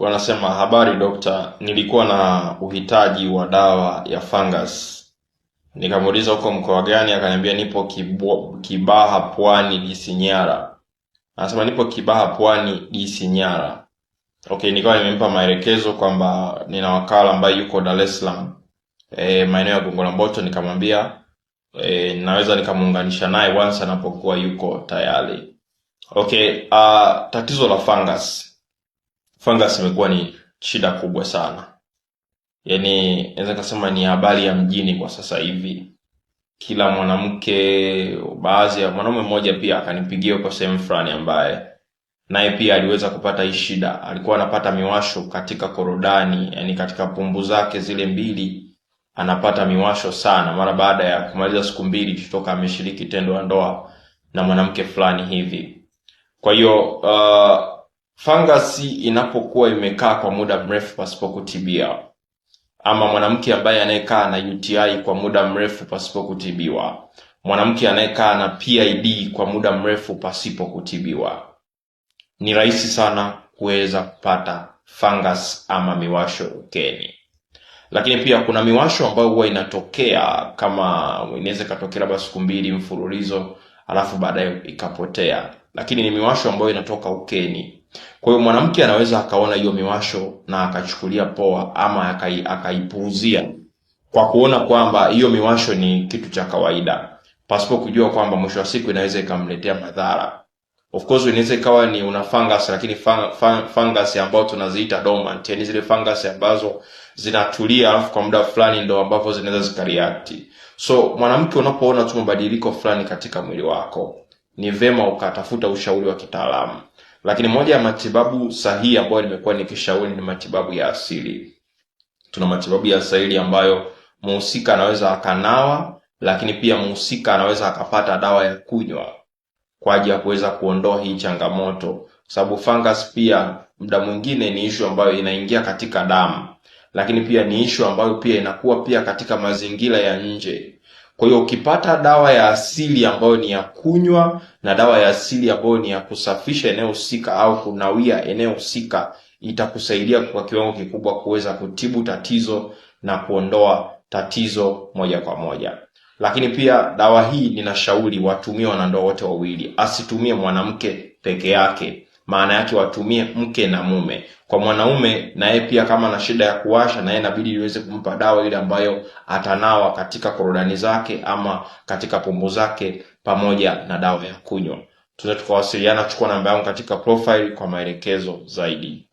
wanasema habari dokta, nilikuwa na uhitaji wa dawa ya fungus. Nikamuuliza huko mkoa gani, akaniambia nipo Kibaha Pwani Disinyara. Anasema nipo Kibaha Pwani Disinyara. Okay, nikawa nimempa maelekezo kwamba nina wakala ambaye yuko Dar es Salaam e, maeneo ya Gongo la Mboto. Nikamwambia e, naweza nikamuunganisha naye once anapokuwa yuko tayari. Okay, uh, tatizo la fungus fungus imekuwa ni shida kubwa sana, yaani naweza nikasema ni habari ya mjini kwa sasa hivi. Kila mwanamke, baadhi ya mwanaume mmoja pia akanipigia kwa sehemu fulani, ambaye naye pia aliweza kupata hii shida. Alikuwa anapata miwasho katika korodani, yani katika pumbu zake zile mbili, anapata miwasho sana mara baada ya kumaliza siku mbili kutoka ameshiriki tendo la ndoa na mwanamke fulani hivi. Kwa hiyo uh, Fangasi inapokuwa imekaa kwa muda mrefu pasipo kutibia ama mwanamke ambaye anayekaa na UTI kwa muda mrefu pasipo kutibiwa, mwanamke anayekaa na PID kwa muda mrefu pasipo kutibiwa, ni rahisi sana kuweza kupata fungus ama miwasho ukeni. Lakini pia kuna miwasho ambayo huwa inatokea kama inaweza ikatokea labda siku mbili mfululizo alafu baadaye ikapotea, lakini ni miwasho ambayo inatoka ukeni kwa hiyo mwanamke anaweza akaona hiyo miwasho na akachukulia poa ama akai, akaipuuzia kwa kuona kwamba hiyo miwasho ni kitu cha kawaida pasipo kujua kwamba mwisho wa siku inaweza ikamletea madhara. Of course inaweza ikawa ni una fungus, lakini fungus ambayo tunaziita dormant, yani zile fungus ambazo zinatulia alafu kwa muda fulani ndo ambapo zinaweza zikareact. So mwanamke, unapoona tu mabadiliko fulani katika mwili wako, ni vema ukatafuta ushauri wa kitaalamu. Lakini moja ya matibabu sahihi ambayo nimekuwa nikishauri ni matibabu ya asili. Tuna matibabu ya asili ambayo muhusika anaweza akanawa, lakini pia muhusika anaweza akapata dawa ya kunywa kwa ajili ya kuweza kuondoa hii changamoto, sababu fungus pia muda mwingine ni ishu ambayo inaingia katika damu, lakini pia ni ishu ambayo pia inakuwa pia katika mazingira ya nje. Kwa hiyo ukipata dawa ya asili ambayo ni ya kunywa na dawa ya asili ambayo ni ya kusafisha eneo husika au kunawia eneo husika, itakusaidia kwa kiwango kikubwa kuweza kutibu tatizo na kuondoa tatizo moja kwa moja. Lakini pia dawa hii ninashauri watumie wanandoa wote wawili, asitumie mwanamke peke yake maana yake watumie mke na mume. Kwa mwanaume naye pia kama na shida ya kuwasha, naye inabidi liweze kumpa dawa ile ambayo atanawa katika korodani zake ama katika pombo zake, pamoja na dawa ya kunywa. Tunaweza tukawasiliana, chukua namba yangu katika profile kwa maelekezo zaidi.